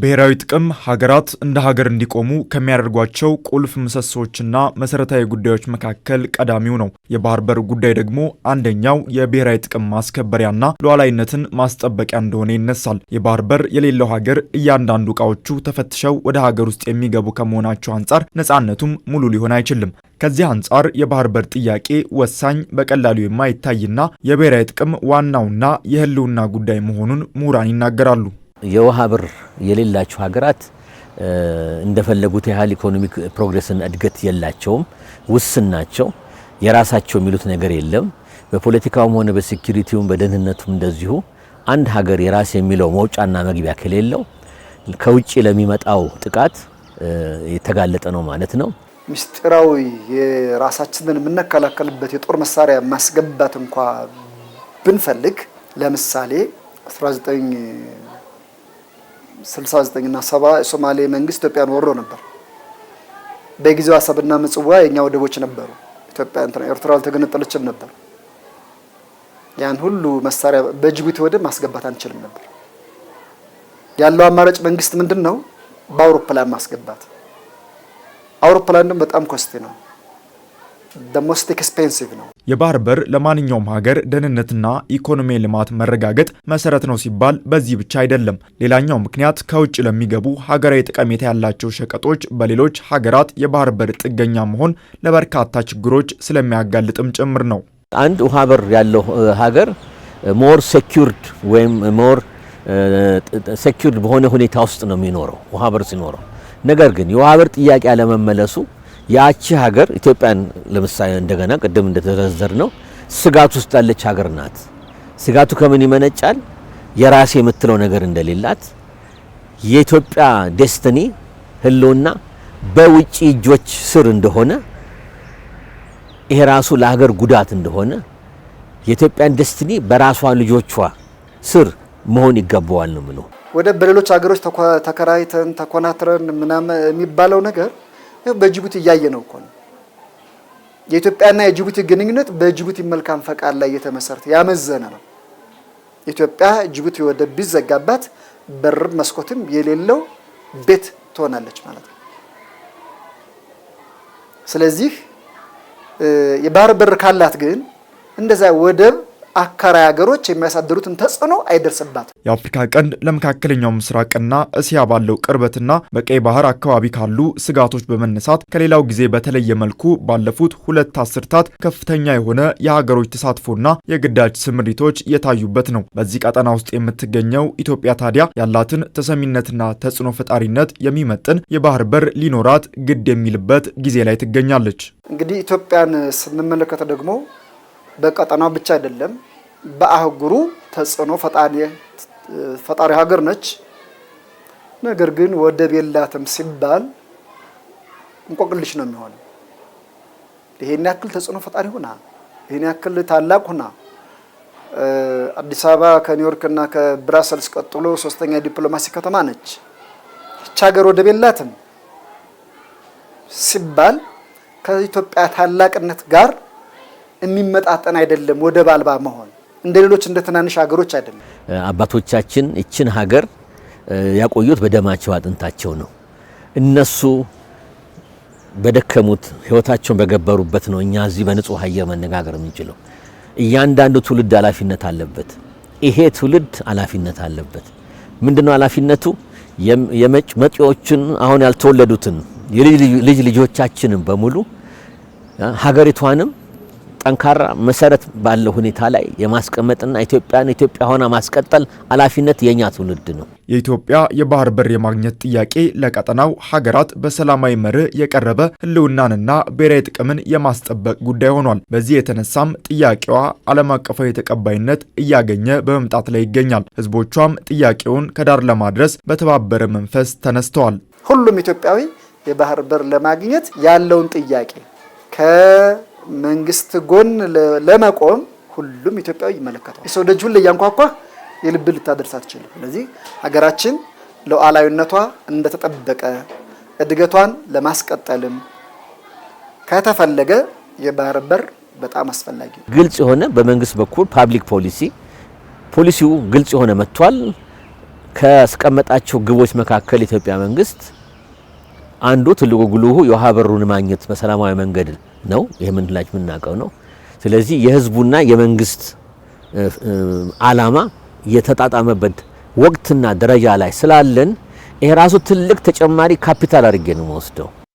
ብሔራዊ ጥቅም ሀገራት እንደ ሀገር እንዲቆሙ ከሚያደርጓቸው ቁልፍ ምሰሶዎችና መሰረታዊ ጉዳዮች መካከል ቀዳሚው ነው። የባህር በር ጉዳይ ደግሞ አንደኛው የብሔራዊ ጥቅም ማስከበሪያና ሉዓላዊነትን ማስጠበቂያ እንደሆነ ይነሳል። የባህር በር የሌለው ሀገር እያንዳንዱ እቃዎቹ ተፈትሸው ወደ ሀገር ውስጥ የሚገቡ ከመሆናቸው አንጻር ነፃነቱም ሙሉ ሊሆን አይችልም። ከዚህ አንጻር የባህር በር ጥያቄ ወሳኝ፣ በቀላሉ የማይታይና የብሔራዊ ጥቅም ዋናውና የህልውና ጉዳይ መሆኑን ምሁራን ይናገራሉ። የውሃ ብር የሌላቸው ሀገራት እንደፈለጉት ያህል ኢኮኖሚክ ፕሮግሬስን እድገት የላቸውም፣ ውስን ናቸው። የራሳቸው የሚሉት ነገር የለም። በፖለቲካውም ሆነ በሴኪሪቲውም በደህንነቱም እንደዚሁ አንድ ሀገር የራስ የሚለው መውጫና መግቢያ ከሌለው ከውጭ ለሚመጣው ጥቃት የተጋለጠ ነው ማለት ነው። ምስጢራዊ የራሳችንን የምንከላከልበት የጦር መሳሪያ ማስገባት እንኳ ብንፈልግ ለምሳሌ 19 69ና 70 የሶማሌ መንግስት ኢትዮጵያን ወሮ ነበር። በጊዜው አሰብና ምጽዋ የኛ ወደቦች ነበሩ። ኢትዮጵያ እንትና ኤርትራ አልተገነጠለችም ነበር። ያን ሁሉ መሳሪያ በጅቡቲ ወደብ ማስገባት አንችልም ነበር። ያለው አማራጭ መንግስት ምንድን ነው? በአውሮፕላን ማስገባት። አውሮፕላን ደግሞ በጣም ኮስቴ ነው። ሞስት ኤክስፔንሲቭ ነው። የባህር በር ለማንኛውም ሀገር ደህንነትና ኢኮኖሚ ልማት መረጋገጥ መሰረት ነው ሲባል በዚህ ብቻ አይደለም። ሌላኛው ምክንያት ከውጭ ለሚገቡ ሀገራዊ ጠቀሜታ ያላቸው ሸቀጦች በሌሎች ሀገራት የባህር በር ጥገኛ መሆን ለበርካታ ችግሮች ስለሚያጋልጥም ጭምር ነው። አንድ ውሃ በር ያለው ሀገር ሞር ሴኪርድ ወይም ሞር ሴኪርድ በሆነ ሁኔታ ውስጥ ነው የሚኖረው ውሃ በር ሲኖረው። ነገር ግን የውሃ በር ጥያቄ አለመመለሱ ያቺ ሀገር ኢትዮጵያን ለምሳሌ እንደገና ቅድም እንደተዘረዘር ነው ስጋት ውስጥ ያለች ሀገር ናት። ስጋቱ ከምን ይመነጫል? የራሴ የምትለው ነገር እንደሌላት የኢትዮጵያ ዴስትኒ ህልውና በውጭ እጆች ስር እንደሆነ ይሄ ራሱ ለሀገር ጉዳት እንደሆነ የኢትዮጵያን ዴስትኒ በራሷ ልጆቿ ስር መሆን ይገባዋል ነው ምለው ወደ በሌሎች ሀገሮች ተከራይተን ተኮናትረን ምናምን የሚባለው ነገር በጅቡቲ እያየ ነው እኮ ነው። የኢትዮጵያና የጅቡቲ ግንኙነት በጅቡቲ መልካም ፈቃድ ላይ እየተመሰረተ ያመዘነ ነው። ኢትዮጵያ ጅቡቲ ወደብ ቢዘጋባት በርም መስኮትም የሌለው ቤት ትሆናለች ማለት ነው። ስለዚህ የባህር በር ካላት ግን እንደዛ ወደብ አካራይ ሀገሮች የሚያሳድሩትን ተጽዕኖ አይደርስባት። የአፍሪካ ቀንድ ለመካከለኛው ምስራቅና እስያ ባለው ቅርበትና በቀይ ባህር አካባቢ ካሉ ስጋቶች በመነሳት ከሌላው ጊዜ በተለየ መልኩ ባለፉት ሁለት አስርታት ከፍተኛ የሆነ የሀገሮች ተሳትፎና የግዳጅ ስምሪቶች የታዩበት ነው። በዚህ ቀጠና ውስጥ የምትገኘው ኢትዮጵያ ታዲያ ያላትን ተሰሚነትና ተጽዕኖ ፈጣሪነት የሚመጥን የባህር በር ሊኖራት ግድ የሚልበት ጊዜ ላይ ትገኛለች። እንግዲህ ኢትዮጵያን ስንመለከተ ደግሞ በቀጠናው ብቻ አይደለም፣ በአህጉሩ ተጽዕኖ ፈጣሪ ሀገር ነች። ነገር ግን ወደብ የላትም ሲባል እንቆቅልሽ ነው የሚሆን ይሄን ያክል ተጽዕኖ ፈጣሪ ሁና፣ ይሄን ያክል ታላቅ ሁና አዲስ አበባ ከኒውዮርክ እና ከብራሰልስ ቀጥሎ ሶስተኛ ዲፕሎማሲ ከተማ ነች። ይች ሀገር ወደብ የላትም ሲባል ከኢትዮጵያ ታላቅነት ጋር የሚመጣጠን አይደለም። ወደብ አልባ መሆን እንደ ሌሎች እንደ ትናንሽ ሀገሮች አይደለም። አባቶቻችን ይችን ሀገር ያቆዩት በደማቸው አጥንታቸው ነው። እነሱ በደከሙት ህይወታቸውን በገበሩበት ነው እኛ እዚህ በንጹህ አየር መነጋገር የምንችለው። እያንዳንዱ ትውልድ ኃላፊነት አለበት። ይሄ ትውልድ ኃላፊነት አለበት። ምንድነው ኃላፊነቱ? የመጪዎችን አሁን ያልተወለዱትን የልጅ ልጆቻችንን በሙሉ ሀገሪቷንም ጠንካራ መሰረት ባለው ሁኔታ ላይ የማስቀመጥና ኢትዮጵያን ኢትዮጵያ ሆና ማስቀጠል ኃላፊነት የኛ ትውልድ ነው። የኢትዮጵያ የባህር በር የማግኘት ጥያቄ ለቀጠናው ሀገራት በሰላማዊ መርህ የቀረበ ህልውናንና ብሔራዊ ጥቅምን የማስጠበቅ ጉዳይ ሆኗል። በዚህ የተነሳም ጥያቄዋ ዓለም አቀፋዊ ተቀባይነት እያገኘ በመምጣት ላይ ይገኛል። ሕዝቦቿም ጥያቄውን ከዳር ለማድረስ በተባበረ መንፈስ ተነስተዋል። ሁሉም ኢትዮጵያዊ የባህር በር ለማግኘት ያለውን ጥያቄ መንግስት ጎን ለመቆም ሁሉም ኢትዮጵያዊ ይመለከተዋል። የሰው ደጁን ሁሌ የልብ ልታደርስ አትችልም። ስለዚህ ሀገራችን ሉዓላዊነቷ እንደተጠበቀ እድገቷን ለማስቀጠልም ከተፈለገ የባህር በር በጣም አስፈላጊ ነው። ግልጽ የሆነ በመንግስት በኩል ፓብሊክ ፖሊሲ ፖሊሲው ግልጽ የሆነ መጥቷል። ካስቀመጣቸው ግቦች መካከል የኢትዮጵያ መንግስት አንዱ ትልቁ ጉልሁ የውሃ በሩን ማግኘት በሰላማዊ መንገድ ነው። ይህ ምንላች የምናውቀው ነው። ስለዚህ የህዝቡና የመንግስት አላማ የተጣጣመበት ወቅትና ደረጃ ላይ ስላለን ይሄ ራሱ ትልቅ ተጨማሪ ካፒታል አድርጌ ነው